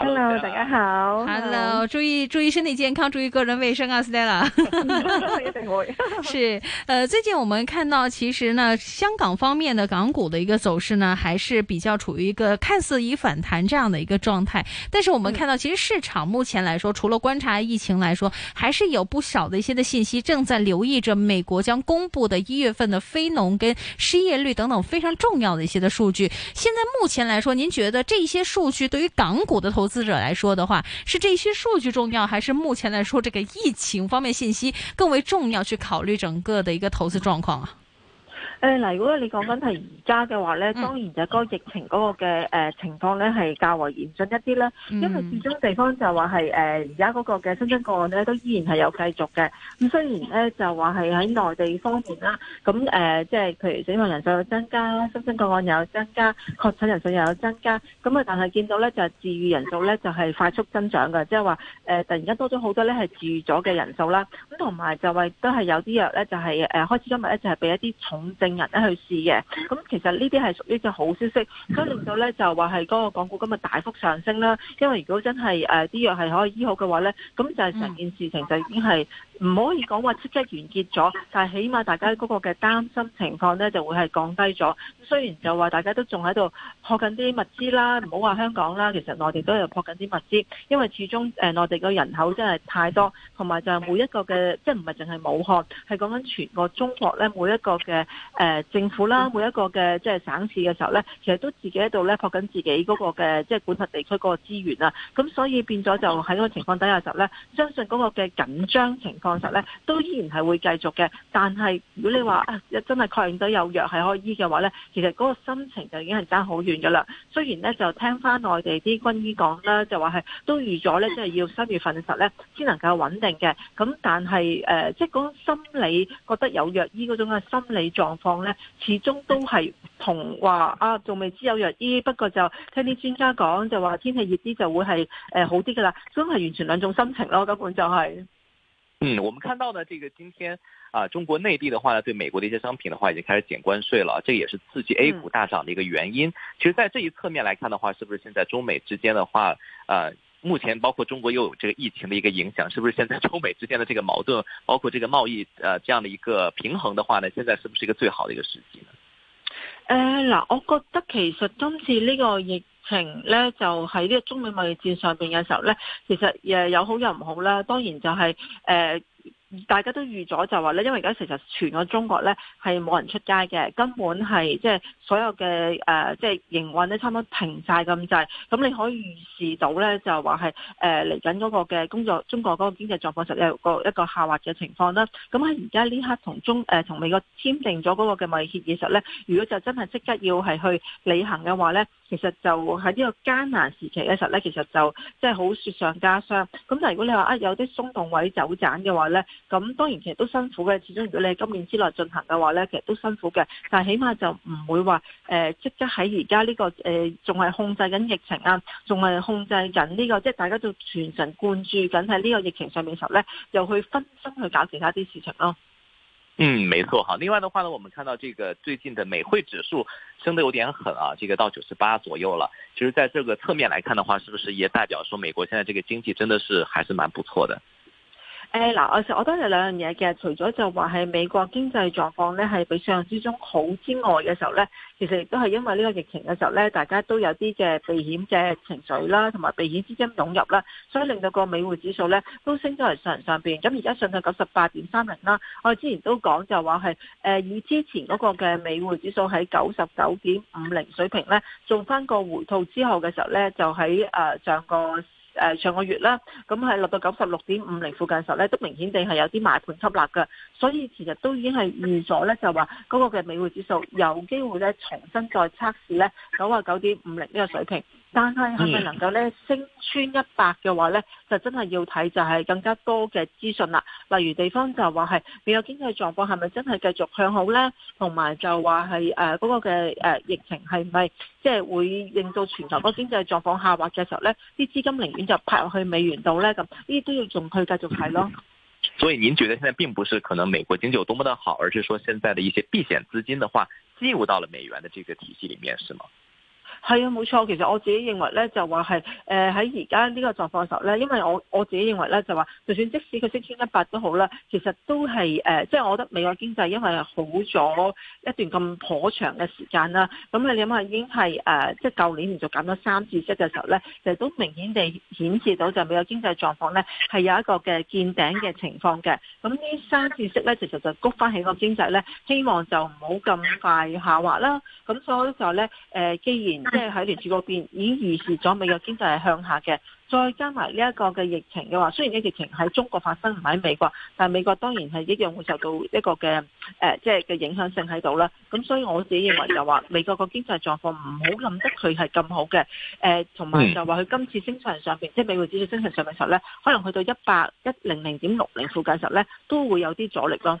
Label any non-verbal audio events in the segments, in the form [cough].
Hello, hello，大家好。Hello，, hello. 注意注意身體健康，注意個人衛生啊 [laughs] ，Stella。 [laughs] 是，呃，最近我們看到，其實呢，香港方面的港股的一個走勢呢，還是比較處於一個看似已反彈這樣的一個狀態。但是我們看到，其實市場目前來說，嗯，除了觀察疫情來說，還是有不少的一些的信息正在留意着美國將公布的一月份的非農跟失業率等等非常重要的一些的數據。現在目前來說，您覺得這些數據對於港股的投資投資者來說的話，是這些數據重要，還是目前來說這個疫情方面信息更為重要，去考慮整個的一個投資狀況啊？誒、哎、嗱，如果你講緊係而家嘅話咧，當然就係嗰個疫情嗰個嘅誒、呃、情況咧係較為嚴峻一啲啦。因為始終地方就話係誒而家嗰個嘅新增個案咧都依然係有繼續嘅。咁雖然咧就話係喺內地方面啦，咁誒即係譬如死亡人數有增加，新增個案又有增加，確診人數又有增加。咁啊，但係見到咧就係、是、治愈人數咧就係、是、快速增長嘅，即係話誒突然間多咗好多咧係治愈咗嘅人數啦。咁同埋就話都係有啲藥咧就係、是、誒、呃、開始今日咧就係俾一啲重症。病人咧去試嘅，咁其實呢啲係屬於只好消息，所以令到咧就話係嗰個港股今日大幅上升啦。因為如果真係誒啲藥係可以醫好嘅話咧，咁就係成件事情就已經係。唔可以講話即刻完結咗，但係起碼大家嗰個嘅擔心情況呢就會係降低咗。雖然就話大家都仲喺度撲緊啲物資啦，唔好話香港啦，其實內地都有撲緊啲物資，因為始終誒內地嘅人口真係太多，同埋就係每一個嘅即係唔係淨係武漢，係講緊全個中國呢，每一個嘅誒政府啦，每一個嘅即係省市嘅時候呢，其實都自己喺度呢撲緊自己嗰個嘅即係管轄地區嗰個資源啊。咁所以變咗就喺個情況底下時候呢，相信嗰個嘅緊張情況實咧，都依然係會繼續嘅。但係如果你話啊，真係確認到有藥係可以醫嘅話咧，其實嗰個心情就已經係差好遠噶啦。雖然咧就聽翻內地啲軍醫講啦，就話係都預咗咧，即係要三月份嘅實咧先能夠穩定嘅。咁但係誒，即係嗰種心理覺得有藥醫嗰種嘅心理狀況咧，始終都係同話啊，仲未知有藥醫。不過就聽啲專家講，就話天氣熱啲就會係誒、呃、好啲噶啦，咁係完全兩種心情咯。根本就係。嗯，我們看到呢，這個今天啊，呃，中國內地的話呢，對美國的一些商品的話，已經開始減關稅了，這也是刺激 A 股大漲的一個原因。嗯，其實，在這一側面來看的話，是不是現在中美之間的話，呃，目前包括中國又有這個疫情的一個影響，是不是現在中美之間的這個矛盾，包括這個貿易呃，這樣的一個平衡的話呢，現在是不是一個最好的一個時機呢？呃，那我覺得其實今次呢個疫情咧就喺呢個中美貿易戰上邊嘅時候咧，其實誒有好有唔好啦，當然就係、是、誒。呃大家都預咗就話咧，因為而家其實全個中國咧係冇人出街嘅，根本係即係所有嘅、呃、即係營運咧差唔多停晒咁滯。咁你可以預示到咧，就話係誒嚟緊嗰個嘅工作，中國嗰個經濟狀況實有個一個下滑嘅情況啦。咁喺而家呢刻同中同、呃、美國簽訂咗嗰個嘅貿易協議嘅時候咧，如果就真係即刻要係去履行嘅話咧，其實就喺呢個艱難時期嘅時候咧，其實就即係好雪上加霜。咁但係如果你話啊有啲鬆動位走盞嘅話咧，咁當然其實都辛苦嘅，始終如果你今年之內進行嘅話咧，其實都辛苦嘅。但係起碼就唔會話誒，即刻喺而家呢個誒，仲係控制緊疫情啊，仲係控制緊呢個，即係大家就全神貫注緊喺呢個疫情上面嘅時候咧，又去分身去搞其他啲事情咯。嗯，沒錯，好。另外的話呢，我們看到這個最近的美匯指數升得有點狠啊，這個到九十八左右了。其實，在這個側面來看的話，是不是也代表說美國現在這個經濟真的是還是蠻不錯的？嗯誒、哎，嗱，我實我都有兩樣嘢嘅，除咗就話係美國經濟狀況咧係比想象之中好之外嘅時候咧，其實亦都係因為呢個疫情嘅時候咧，大家都有啲嘅避險嘅情緒啦，同埋避險資金湧入啦，所以令到個美匯指數咧都升咗嚟上來上邊。咁而家上到九十八點三零啦。我之前都講就話係，誒，以之前嗰個嘅美匯指數喺九十九點五零水平咧，做翻個回吐之後嘅時候咧，就喺誒上個。誒、呃，上個月啦，咁係落到九十六點五零附近嘅時候咧，都明顯地係有啲買盤吸納嘅，所以其實都已經係預咗咧，就話嗰個嘅美匯指數有機會咧，重新再測試咧九十九點五零呢個水平。但係係咪能夠咧升穿一百嘅話咧、嗯，就真係要睇就係更加多嘅資訊啦。例如地方就話係，美國個經濟狀況係咪真係繼續向好咧？同埋就話係誒嗰個嘅誒、呃、疫情係咪即係會令到全球個經濟狀況下滑嘅時候咧，啲資金寧願就派落去美元度咧咁，呢啲都要仲去繼續睇咯、嗯。所以您覺得現在並不是可能美國經濟有多麼的好，而是說現在的一些避險資金的話進入到了美元的這個體系裏面，是嗎？係啊，冇錯。其實我自己認為咧，就話係誒喺而家呢個狀況時候咧，因為我我自己認為咧，就話就算即使佢升千一百都好啦，其實都係誒，即係我覺得美國經濟因為好咗一段咁頗長嘅時間啦。咁你諗下，已經係誒即係舊年連續減咗三次息嘅時候咧，其實都明顯地顯示到就美國經濟狀況咧係有一個嘅見頂嘅情況嘅。咁呢三次息咧，其實就谷翻起個經濟咧，希望就唔好咁快下滑啦。咁所以就呢，咧、呃，既然即係喺聯儲嗰邊已經預示咗美國經濟係向下嘅，再加埋呢一個嘅疫情嘅話，雖然呢疫情喺中國發生唔喺美國，但係美國當然係一樣會受到一個嘅誒、呃，即係嘅影響性喺度啦。咁所以我自己認為就話美國個經濟狀況唔好諗得佢係咁好嘅，誒同埋就話佢今次升場上上邊、嗯，即係美元指數升上上邊時候咧，可能去到一百一零零點六零附近時候咧，都會有啲阻力咯。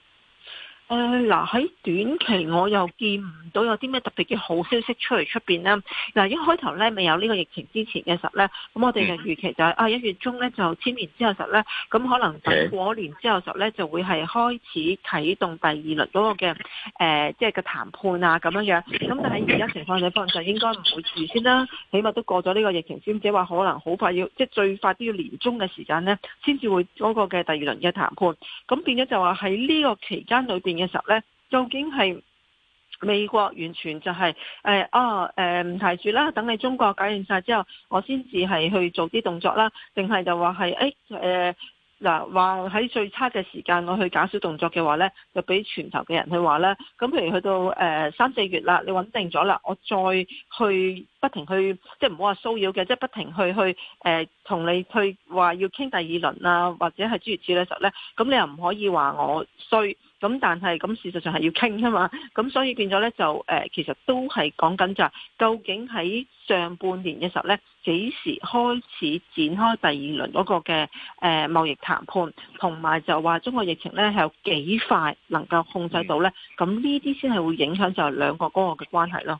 誒，嗱，喺短期我又見唔到有啲咩特別嘅好消息出嚟出邊啦。嗱，一開頭咧，未有呢個疫情之前嘅時候咧，咁我哋嘅預期就係、是、啊一月中咧就簽完之後實咧，咁可能等過年之後實咧就會係開始啟動第二輪嗰個嘅即係嘅談判啊，咁樣樣。咁但喺而家情況情況就應該唔會遲先啦，起碼都過咗呢個疫情先，即係話可能好快要即係最快都要年中嘅時間咧，先至會嗰個嘅第二輪嘅談判。咁變咗就話喺呢個期間裏邊。嘅時候呢，究竟係美國完全就係、是、誒、欸、哦誒唔、欸、提住啦，等你中國搞完晒之後，我先至係去做啲動作啦，定係就話係誒誒嗱，話、欸、喺、欸呃、最差嘅時間我去搞小動作嘅話呢，就俾全球嘅人去話呢。咁譬如去到誒、欸、三四月啦，你穩定咗啦，我再去不停去即係唔好話騷擾嘅，即、就、係、是不，就是、不停去去誒同、欸、你去話要傾第二輪啊，或者係諸如此類嘅時候呢，咁你又唔可以話我衰。咁但係咁事實上係要傾㗎嘛，咁所以變咗咧就、呃、其實都係講緊就係究竟喺上半年嘅時候咧，幾時開始展開第二輪嗰個嘅誒、呃、貿易談判，同埋就話中國疫情咧係有幾快能夠控制到咧？咁呢啲先係會影響就兩個嗰個嘅關係咯。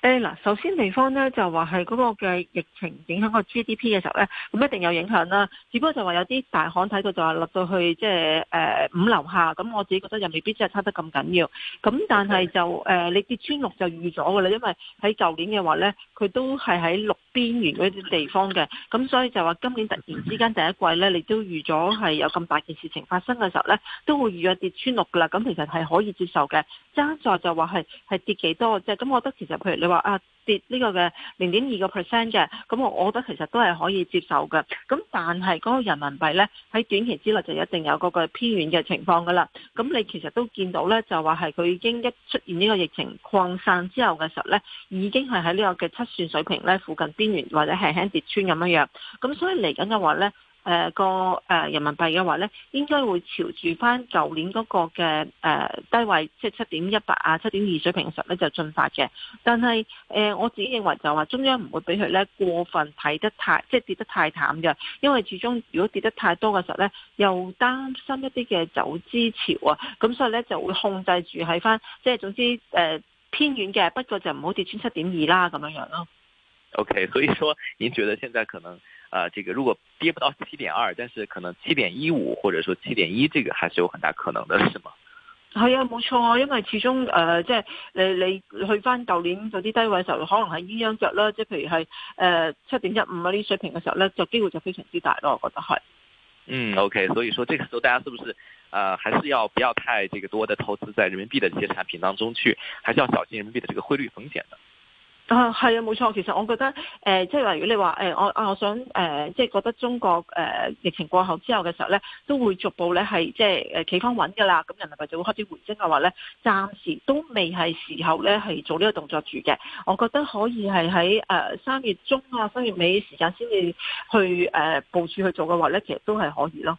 誒嗱，首先地方咧就話係嗰個嘅疫情影響個 GDP 嘅時候咧，咁一定有影響啦。只不過就話有啲大行睇到就話落到去即係誒五樓下，咁我自己覺得又未必真係差得咁緊要。咁但係就誒、呃、你跌穿六就預咗噶啦，因為喺舊年嘅話咧，佢都係喺六邊緣嗰啲地方嘅。咁所以就話今年突然之間第一季咧，你都預咗係有咁大件事情發生嘅時候咧，都會預咗跌穿六噶啦。咁其實係可以接受嘅。爭在就話係係跌幾多啫。咁我覺得其實譬如話啊跌呢個嘅零點二個 percent 嘅，咁我我覺得其實都係可以接受嘅。咁但係嗰個人民幣呢，喺短期之內就一定有嗰個偏遠嘅情況噶啦。咁你其實都見到呢，就話係佢已經一出現呢個疫情擴散之後嘅時候呢，已經係喺呢個嘅七算水平呢附近邊緣或者輕輕跌穿咁樣樣。咁所以嚟緊嘅話呢。誒、呃，個誒、呃、人民幣嘅話咧，應該會朝住翻舊年嗰個嘅誒、呃、低位，即係七點一八啊，七點二水平嘅時候咧就進發嘅。但係誒、呃，我自己認為就話中央唔會俾佢咧過分睇得太，即係跌得太淡嘅。因為始終如果跌得太多嘅時候咧，又擔心一啲嘅走資潮啊。咁所以咧就會控制住喺翻，即係總之誒、呃、偏遠嘅。不過就唔好跌穿七點二啦，咁樣樣、啊、咯。O K，所以說，你覺得現在可能？啊、呃，這個如果跌不到七點二，但是可能七點一五或者說七點一，這個還是有很大可能的，是嗎？係啊，冇錯啊，因為始終誒、呃，即係你你去翻舊年嗰啲低位嘅時候，可能係鴛鴦腳啦，即係譬如係誒七點一五嗰啲水平嘅時候呢，就機會就非常之大咯，我覺得係。嗯，OK，所以說這個時候大家是不是啊、呃，還是要不要太這個多的投資在人民幣的這些產品當中去，還是要小心人民幣的這個匯率風險的？啊，係啊，冇錯。其實我覺得，誒、呃，即係話，如果你話，誒、呃，我啊，我想，誒、呃，即、就、係、是、覺得中國，誒、呃，疫情過後之後嘅時候咧，都會逐步咧係，即係，誒、就是呃，企返穩噶啦。咁人民幣就會開始回升嘅話咧，暫時都未係時候咧係做呢個動作住嘅。我覺得可以係喺誒三月中啊、三月尾時間先至去誒、呃、部署去做嘅話咧，其實都係可以咯。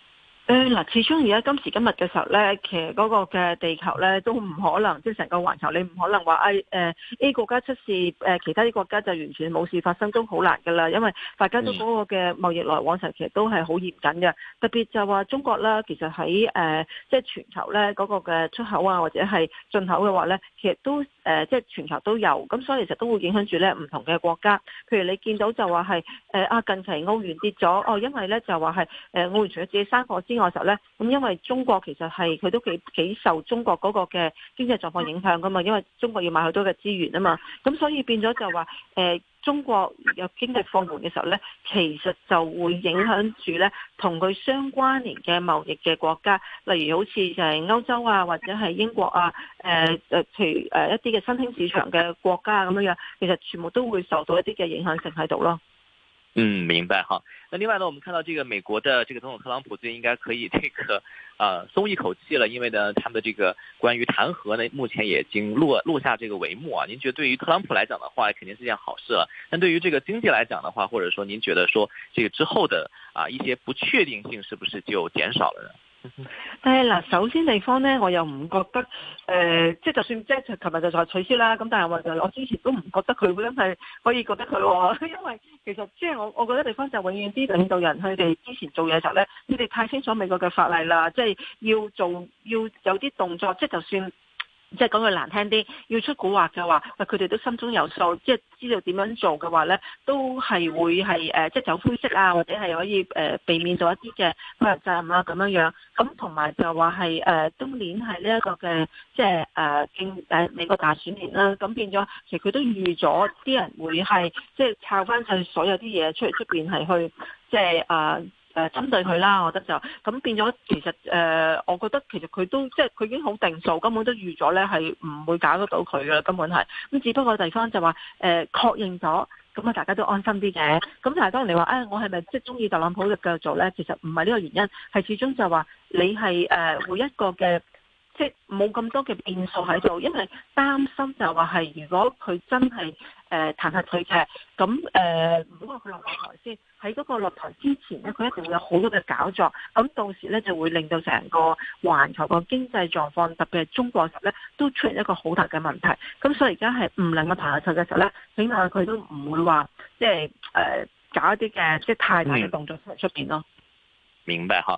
誒、嗱，始終而家今時今日嘅時候咧，其實嗰個嘅地球咧都唔可能，即係成個環球，你唔可能話誒誒 A 國家出事，誒其他啲國家就完全冇事發生，都好難噶啦，因為大家都嗰個嘅貿易來往實其實都係好嚴謹嘅，特別就話中國啦，其實喺誒即係全球咧嗰個嘅出口啊或者係進口嘅話咧，其實都。誒、呃，即係全球都有，咁所以其實都會影響住咧唔同嘅國家。譬如你見到就話係誒啊，近期澳元跌咗，哦，因為咧就話係誒澳元除咗自己生貨之外嘅時候咧，咁因為中國其實係佢都幾幾受中國嗰個嘅經濟狀況影響噶嘛，因為中國要買好多嘅資源啊嘛，咁所以變咗就話誒。呃中國有經濟放緩嘅時候呢，其實就會影響住呢同佢相關連嘅貿易嘅國家，例如好似誒歐洲啊，或者係英國啊，誒誒譬如誒一啲嘅新興市場嘅國家咁樣樣，其實全部都會受到一啲嘅影響性喺度咯。嗯，明白哈。那另外呢，我們看到這個美國的這個總統特朗普，最近應該可以這個呃鬆一口氣了，因為呢，他們的這個關於彈劾呢，目前已經落落下這個帷幕啊。您覺得對於特朗普來講的話，肯定是一件好事了。但對於這個經濟來講的話，或者說您覺得說這個之後的啊、呃、一些不確定性是不是就減少了呢？誒，嗱，首先地方呢，我又唔覺得，呃即係就算即係琴日就取消啦，咁但係話我之前都唔覺得佢會真係可以覺得佢、哦，因為。其實即係、就是、我，我覺得地方就永遠啲領導人，佢哋之前做嘢時候咧，佢哋太清楚美國嘅法例啦，即、就、係、是、要做要有啲動作，即、就、係、是、就算。即係講句難聽啲，要出古惑嘅話，佢哋都心中有數，即係知道點樣做嘅話咧，都係會係即係走灰色啊，或者係可以誒避免咗一啲嘅法律責任啊咁樣樣。咁同埋就話係誒，今年係呢一個嘅即係誒美國大選年啦。咁變咗，其實佢都預咗啲人會係即係抄翻曬所有啲嘢出嚟出邊係去即係誒。就是啊。誒、呃，針對佢啦，我覺得就咁變咗。其實，誒、呃，我覺得其實佢都即係佢已經好定數，根本都預咗咧，係唔會搞得到佢嘅根本係。咁只不過地方就話，誒、呃，確認咗，咁啊，大家都安心啲嘅。咁但係當人哋話，誒、哎，我係咪即係中意特朗普嘅繼續做咧？其實唔係呢個原因，係始終就話你係誒、呃、每一個嘅，即冇咁多嘅變數喺度，因為擔心就話係如果佢真係。誒、呃、彈、呃、下佢嘅，咁誒唔好話佢落台先，喺嗰個落台之前咧，佢一定會有好多嘅搞作，咁到時咧就會令到成個環球個經濟狀況，特別係中國人咧都出現一個好大嘅問題，咁所以而家係唔能夠彈劾佢嘅時候咧，起碼佢都唔會話即係誒、呃、搞一啲嘅即係太大嘅動作出出邊咯。明白呵。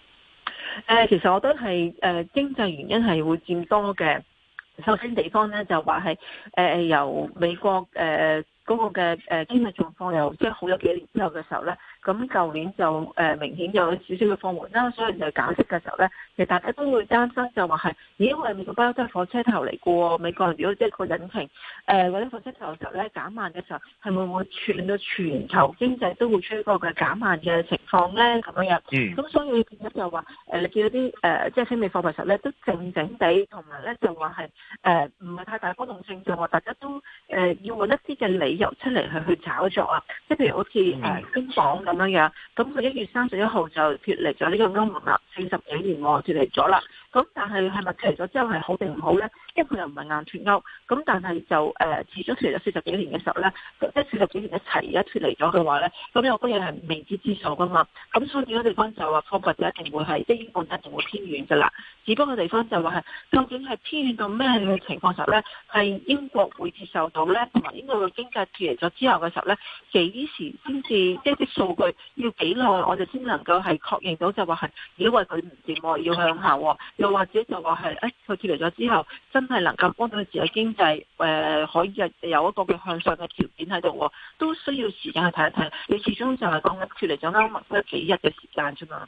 誒、呃，其實我都係誒、呃、經濟原因係會佔多嘅。首先地方咧就話係誒由美國誒嗰、呃那個嘅誒經濟狀況又即係好咗幾年之後嘅時候咧。咁舊年就誒、呃、明顯就有少少嘅放緩啦，所以就減息嘅時候咧，其實大家都會擔心，就話係，咦？因為美國包都係火車頭嚟嘅美美國人，如果即係個引擎誒或者火車頭時候咧減慢嘅時候，係咪會串到全球經濟都會出一個嘅減慢嘅情況咧？咁樣咁所以變咗就話、呃、你見到啲誒即係非美貨幣時候咧都靜靜地，同埋咧就話係誒唔係太大波動性，就話大家都誒、呃、要揾一啲嘅理由出嚟去去炒作啊，即、就、係、是、譬如好似誒金價咁樣樣咁佢一月三十一號就脫離咗呢個歐盟啦，四十幾年喎，脫離咗啦。咁但係係咪脫離咗之後係好定唔好咧？因為佢又唔係硬脱歐，咁但係就誒、呃、始終脫離咗四十幾年嘅時候咧，即係四十幾年一齊而家脫離咗嘅話咧，咁有好多嘢係未知之數噶嘛。咁所以另一地方就話，英國就一定會係即係英國一定會偏遠㗎啦。只不過地方就話係究竟係偏遠到咩嘅情況時候咧，係英國會接受到咧，同埋英國嘅經濟脫離咗之後嘅時候咧，幾時先至即係啲數據要幾耐，我哋先能夠係確認到就話係，如果話佢唔跌喎，要向下喎，啊。又或者就話係，誒佢脫離咗之後，真係能夠幫到佢自己經濟、呃，可以有一個嘅向上嘅條件喺度，都需要時間去睇一睇。你始終就係講緊脫離咗歐盟得幾日嘅時間啫嘛。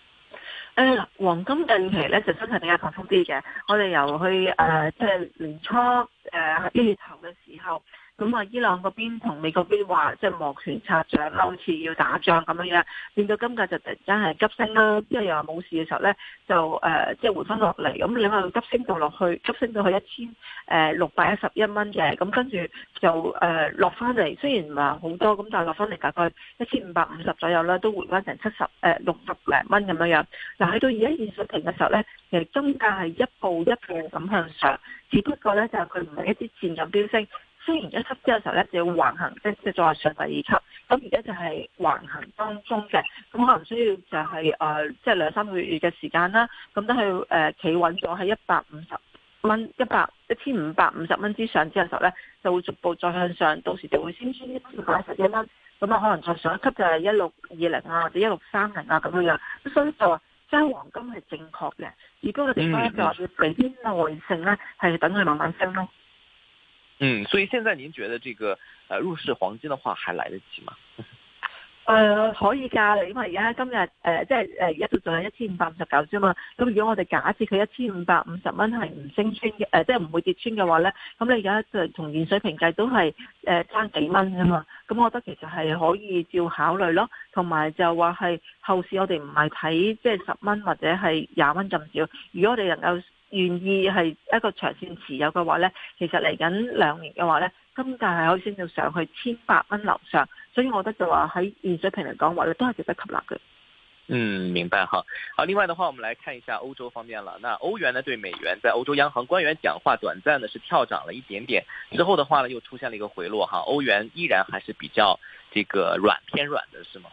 誒，嗱，黃金近期咧就真係比較強啲嘅，我哋由去誒，即、呃、係、就是、年初誒一月頭嘅時候。咁啊，伊朗嗰邊同美國邊話即係摩拳擦掌，好似要打仗咁樣樣，變到金價就突然間係急升啦。因為又話冇事嘅時候咧，就誒即係回翻落嚟。咁你話急升到落去，急升到去一千誒六百一十一蚊嘅，咁跟住就誒落翻嚟。雖然唔係好多，咁但係落翻嚟大概一千五百五十左右啦，都回翻成七十誒六十零蚊咁樣樣。嗱，喺到而家現水平嘅時候咧，其實金價係一步一步咁向上，只不過咧就係佢唔係一啲線咁飆升。升完一級之後嘅時候咧，就要橫行，即、就、即、係、再上第二級。咁而家就係橫行當中嘅，咁可能需要就係誒，即兩三個月嘅時間啦。咁都係誒企穩咗喺一百五十蚊、一百一千五百五十蚊之上之後時候咧，就會逐步再向上。到時就會先升一百一十一蚊，咁啊可能再上一級就係一六二零啊，或者一六三零啊咁樣樣，所以就話揸黃金係正確嘅，而高嘅地方咧就話要俾啲耐性咧，係等佢慢慢升咯。嗯，所以現在您覺得這個，誒入市黃金的話還來得及嗎？誒、呃、可以噶，因為而家今日誒、呃、即係誒一度仲係一千五百五十九啫嘛。咁、呃、如果我哋假設佢一千五百五十蚊係唔升穿嘅，誒、呃、即係唔會跌穿嘅話咧，咁你而家就同現水平計都係誒差幾蚊啫嘛。咁我覺得其實係可以照考慮咯。同埋就話係後市我哋唔係睇即係十蚊或者係廿蚊咁少，如果我哋能夠。願意係一個長線持有嘅話呢，其實嚟緊兩年嘅話呢金價係可以升到上去千八蚊樓上，所以我覺得就話喺現水平嚟講話呢都係值得吸納嘅。嗯，明白哈。好，另外的話，我們來看一下歐洲方面啦。那歐元呢對美元，在歐洲央行官員講話，短暫呢是跳漲了一點點，之後的話呢又出現了一個回落哈。歐元依然還是比較這個軟偏軟的，是嗎？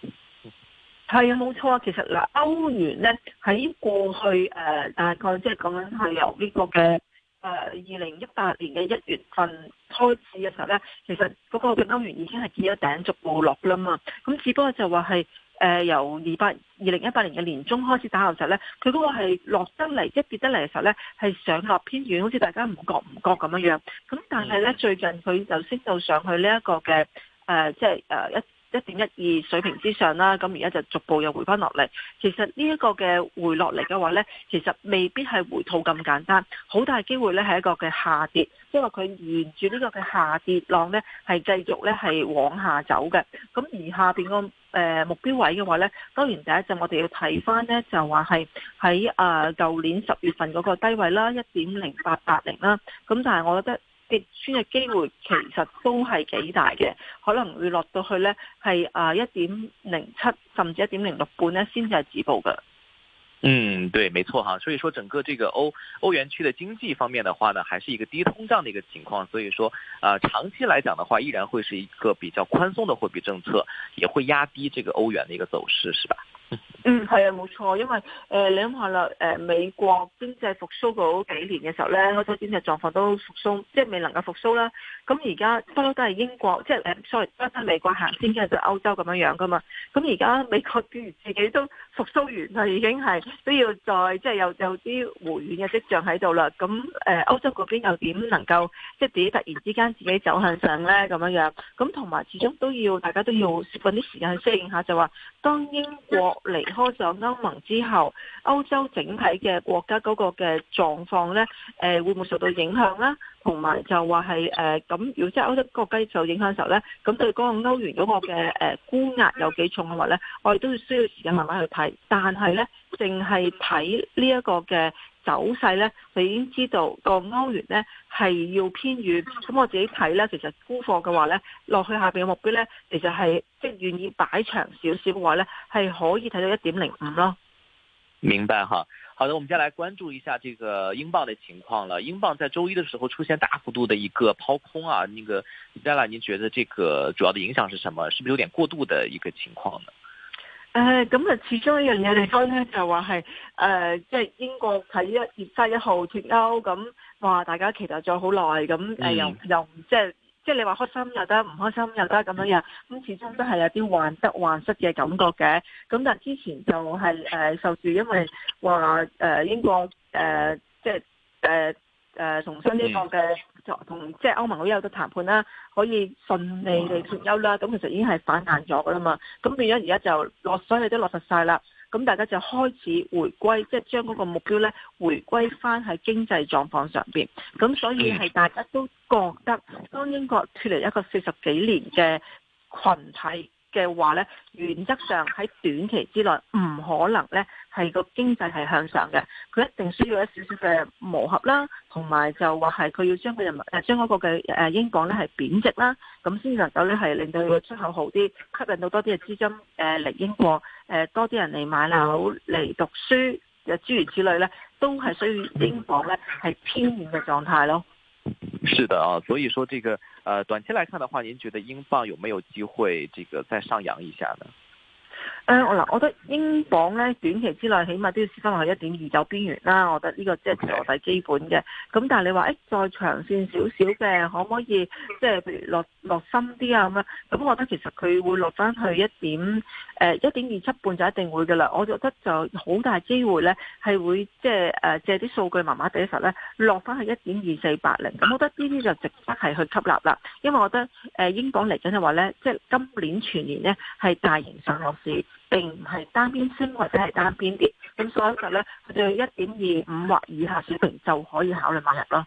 係啊，冇錯啊。其實嗱，歐元咧喺過去誒大概即係講緊係由呢個嘅誒二零一八年嘅一月份開始嘅時候咧，其實嗰個嘅歐元已經係見咗頂，逐步落啦嘛。咁只不過就話係誒由二八二零一八年嘅年中開始打後實咧，佢嗰個係落得嚟即係跌得嚟嘅時候咧，係上落偏遠，好似大家唔覺唔覺咁樣樣。咁但係咧、嗯、最近佢就升到上去呢一個嘅誒、呃，即係誒一。呃一點一二水平之上啦，咁而家就逐步又回翻落嚟。其實呢一個嘅回落嚟嘅話呢，其實未必係回吐咁簡單，好大機會呢係一個嘅下跌，因為佢沿住呢個嘅下跌浪呢係繼續呢係往下走嘅。咁而下面個誒目標位嘅話呢，當然第一陣我哋要睇翻呢就話係喺啊舊年十月份嗰個低位啦，一點零八八零啦。咁但係我覺得。跌穿嘅機會其實都係幾大嘅，可能會落到去呢係啊一點零七甚至一點零六半呢先至係止步嘅。嗯，對，沒錯哈。所以說整個這個歐歐元區的經濟方面的話呢，還是一個低通脹的一個情況，所以說啊、呃、長期來講的話，依然會是一個比較寬鬆的貨幣政策，也會壓低這個歐元的一個走勢，是吧？嗯，係啊，冇錯，因為誒、呃、你諗下啦，誒、呃、美國經濟復甦嗰幾年嘅時候咧，歐洲經濟狀況都復甦，即係未能夠復甦啦。咁而家不嬲都係英國，即係誒 sorry，不嬲都係美國行先，跟住就歐洲咁樣樣噶嘛。咁而家美國既然自己都復甦完，係已經係都要再即係有有啲回暖嘅跡象喺度啦。咁誒、呃、歐洲嗰邊又點能夠即係自己突然之間自己走向上咧？咁樣樣咁同埋始終都要大家都要揾啲時間去適應下，就話當英國嚟。開咗歐盟之後，歐洲整體嘅國家嗰個嘅狀況呢，誒會唔會受到影響咧？同埋就話係誒咁，如果真係歐洲國家受影響嘅時候呢，咁對嗰個歐元嗰個嘅誒、呃、沽壓有幾重嘅話呢，我哋都要需要時間慢慢去睇。但係呢，淨係睇呢一個嘅。走勢呢，你已經知道個歐元呢係要偏軟，咁我自己睇呢，其實沽貨嘅話呢，落去下邊嘅目標呢，其實係即願意擺長少少嘅話呢，係可以睇到一點零五咯。明白哈，好的，我們接下來關注一下這個英鎊嘅情況啦。英鎊在周一嘅時候出現大幅度嘅一個拋空啊，那個 Della，你，你覺得這個主要的影響是什麼？是不是有點過度嘅一個情況呢？誒，咁啊，始終一樣嘢嚟講咧，就話係，誒、呃，即係英國喺一月三一號脫歐，咁話大家期待咗好耐，咁誒、呃嗯、又又唔即係，即係你話開心又得，唔開心又得咁樣樣，咁始終都係有啲患得患失嘅感覺嘅。咁但係之前就係誒、呃、受住，因為話誒、呃、英國誒、呃、即係誒。呃誒重新呢個嘅同即係歐盟好有嘅談判啦，可以順利地脱歐啦，咁其實已經係反彈咗噶啦嘛。咁變咗而家就落水，水，你都落實晒啦，咁大家就開始回歸，即係將嗰個目標咧回歸翻喺經濟狀況上邊。咁所以係大家都覺得，當英國脱離一個四十幾年嘅群體。嘅話咧，原則上喺短期之內唔可能咧係個經濟係向上嘅，佢一定需要一少少嘅磨合啦，同埋就話係佢要將,人將個人民將嗰個嘅英鎊咧係貶值啦，咁先能夠咧係令到佢出口好啲，吸引到多啲嘅資金誒嚟英國誒多啲人嚟買樓嚟讀書嘅諸如此類咧，都係需要英鎊咧係偏軟嘅狀態咯。是的啊，所以說這個呃，短期來看的話，您覺得英鎊有沒有機會這個再上揚一下呢？誒，我嗱，我覺得英鎊咧，短期之內，起碼都要試翻落去一點二九邊緣啦。我覺得呢個即係撈底基本嘅。咁但係你話，誒再長線少少嘅，可唔可以即係譬如落落深啲啊？咁樣咁，我覺得其實佢會落翻去一點，誒一點二七半就一定會噶啦。我覺得就好大機會咧，係會即係誒借啲數、呃、據麻麻地嘅時候咧，落翻去一點二四八零。咁我覺得呢啲就值得係去吸納啦，因為我覺得誒、呃、英鎊嚟緊就話咧，即係今年全年咧係大型上落市。並唔係單邊升或者係單邊跌，咁所以就咧，佢對一點二五或以下水平就可以考慮買入咯。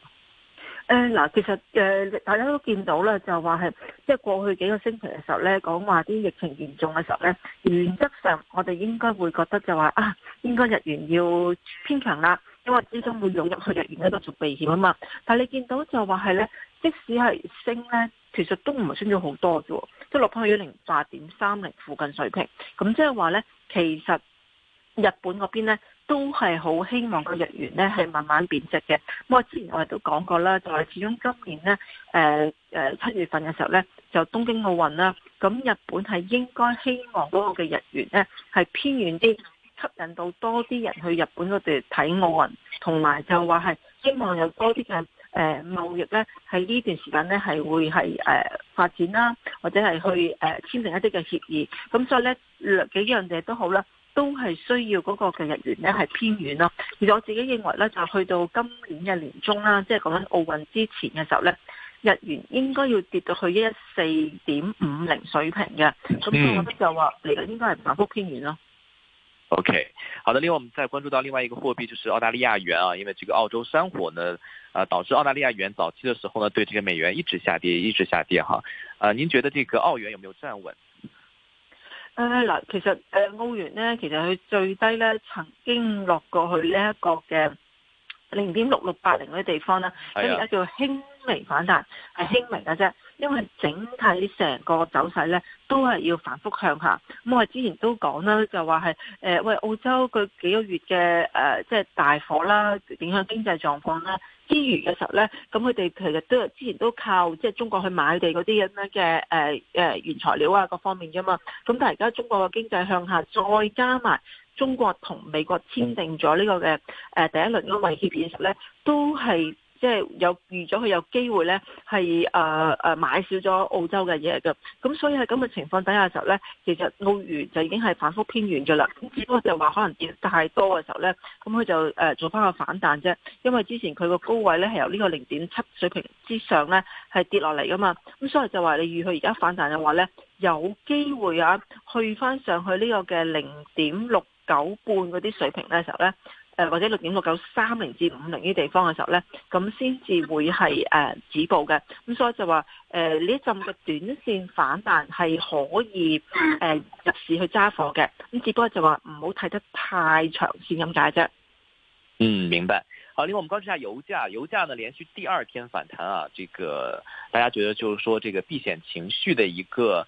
誒、呃、嗱，其實誒、呃、大家都見到咧，就話係即係過去幾個星期嘅時候咧，講話啲疫情嚴重嘅時候咧，原則上我哋應該會覺得就話啊，應該日元要偏強啦，因為資金會湧入去日元嗰度做避險啊嘛。但係你見到就話係咧，即使係升咧，其實都唔係升咗好多嘅，即係落去咗零八點三零附近水平。咁即係話咧，其實日本嗰邊咧。都係好希望個日元咧係慢慢貶值嘅。咁啊，之前我哋都講過啦，就係始終今年咧，誒誒七月份嘅時候咧，就東京奧運啦。咁日本係應該希望嗰個嘅日元咧係偏軟啲，吸引到多啲人去日本嗰度睇奧運，同埋就話係希望有多啲嘅誒貿易咧，喺呢段時間咧係會係誒發展啦，或者係去誒簽訂一啲嘅協議。咁所以咧，兩幾樣嘢都好啦。都係需要嗰個嘅日元呢係偏軟咯，其實我自己認為呢，就去到今年嘅年中啦，啊，即係講緊奧運之前嘅時候呢，日元應該要跌到去一四點五零水平嘅，咁所以我覺得就話嚟緊應該係反覆偏軟咯。OK，好的。另外，我們再關注到另外一個貨幣，就是澳大利亞元啊，因為這個澳洲山火呢，啊、呃、導致澳大利亞元早期嘅時候呢，對這個美元一直下跌，一直下跌哈、啊。啊、呃，您覺得這個澳元有沒有站穩？嗱，其實誒，澳元咧，其實佢最低咧，曾經落過去呢一個嘅零點六六八零嗰啲地方啦，跟住咧叫輕微反彈，係輕微嘅啫。因為整體成個走勢咧，都係要反覆向下。咁、嗯、我之前都講啦，就話係誒，喂，澳洲佢幾個月嘅誒，即、呃、係、就是、大火啦，影響經濟狀況啦之餘嘅時候咧，咁佢哋其實都之前都靠即係、就是、中國去買地嗰啲咁樣嘅誒誒原材料啊各方面噶嘛。咁但係而家中國嘅經濟向下，再加埋中國同美國簽訂咗呢個嘅誒、呃、第一輪貿易協議嘅時候咧，都係。即係有預咗佢有機會咧，係誒誒買少咗澳洲嘅嘢嘅，咁所以喺咁嘅情況底下嘅時候咧，其實澳元就已經係反覆偏軟嘅啦。咁只不過就話可能跌太多嘅時候咧，咁佢就誒、呃、做翻個反彈啫。因為之前佢個高位咧，係由呢個零點七水平之上咧係跌落嚟噶嘛，咁所以就話你預佢而家反彈嘅話咧，有機會啊去翻上去呢個嘅零點六九半嗰啲水平咧嘅時候咧。或者六點六九三零至五零呢地方嘅時候呢，咁先至會係誒、呃、止步嘅。咁所以就話誒呢一陣嘅短線反彈係可以誒、呃、入市去揸貨嘅。咁只不過就話唔好睇得太長線咁解啫。嗯，明白。好，另外我們關注下油價，油價呢連續第二天反彈啊，這個大家覺得就是說這個避險情緒的一個。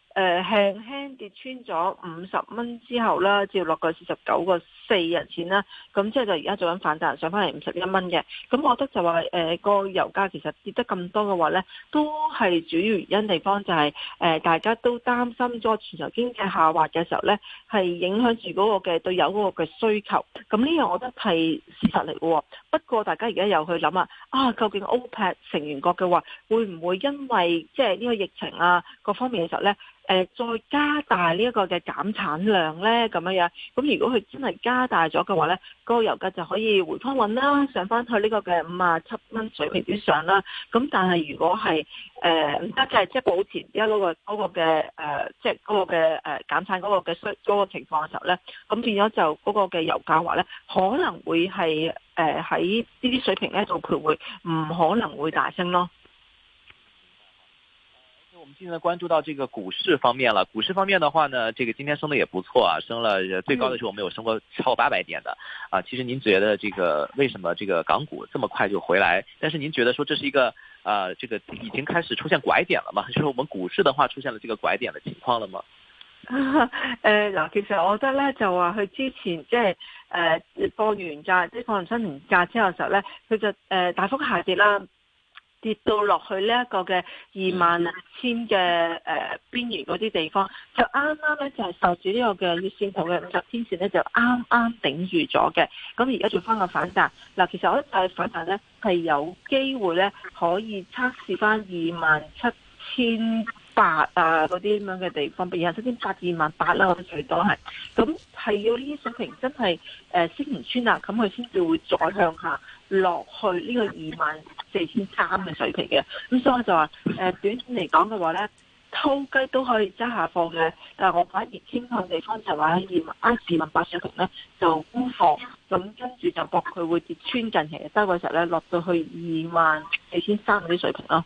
誒、呃、向輕，輕跌穿咗五十蚊之後啦，接落去四十九個四日線啦，咁即係就而家做緊反彈，上翻嚟五十一蚊嘅。咁我覺得就話誒個油價其實跌得咁多嘅話呢，都係主要原因地方就係、是、誒、呃、大家都擔心咗全球經濟下滑嘅時候呢，係影響住嗰個嘅對油嗰個嘅需求。咁呢樣我覺得係事實嚟嘅喎。不過大家而家又去諗啊，啊究竟歐佩克成員國嘅話，會唔會因為即係呢個疫情啊各方面嘅時候呢？誒，再加大呢一個嘅減產量咧，咁樣樣。咁如果佢真係加大咗嘅話咧，嗰個油價就可以回翻穩啦，上翻去呢個嘅五啊七蚊水平之上啦。咁但係如果係誒唔得，即係保持而家嗰個嘅誒，即係嗰個嘅誒減產嗰個嘅嗰個情況嘅時候咧，咁變咗就嗰個嘅油價話咧，可能會係誒喺呢啲水平咧度，佢會唔可能會大升咯。我們現在關注到這個股市方面了，股市方面的話呢，這個今天升得也不錯啊，升了最高的時候我們有升過超過八百點的啊。其實您覺得這個為什麼這個港股這麼快就回來？但是您覺得說這是一個啊，呃，這個已經開始出現拐點了嘛？還是說我們股市的話出現了這個拐點的情況了嗎？誒，嗱，其實我覺得呢，就話佢之前即係，就是，呃，放完假，即放完新年假之後嘅時候呢，佢就呃大幅下跌啦。跌到落去呢一個嘅二萬六千嘅誒邊緣嗰啲地方，就啱啱咧就係受住呢個嘅月線圖嘅五十天線咧，就啱啱頂住咗嘅。咁而家做翻個反彈，嗱，其實我覺得個反彈咧係有機會咧可以測試翻二萬七千。八啊，嗰啲咁樣嘅地方，譬如係七千八二萬八啦，我最多係，咁係要呢啲水平真係誒升唔穿啊，咁佢先至會再向下落去呢個二萬四千三嘅水平嘅，咁所以就話誒、呃，短期嚟講嘅話咧，偷雞都可以揸下貨嘅，但係我反而傾向地方就話喺二萬挨二萬八水平咧就沽貨，咁跟住就博佢會跌穿近期嘅低位時候咧，落到去二萬四千三嗰啲水平咯。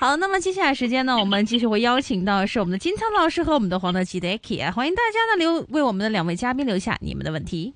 好，那麼接下來時間呢，我們繼續會邀請到是我們的金倉老師和我們的黃的吉德基的 a k i 歡迎大家呢留為我們的兩位嘉賓留下你們的問題。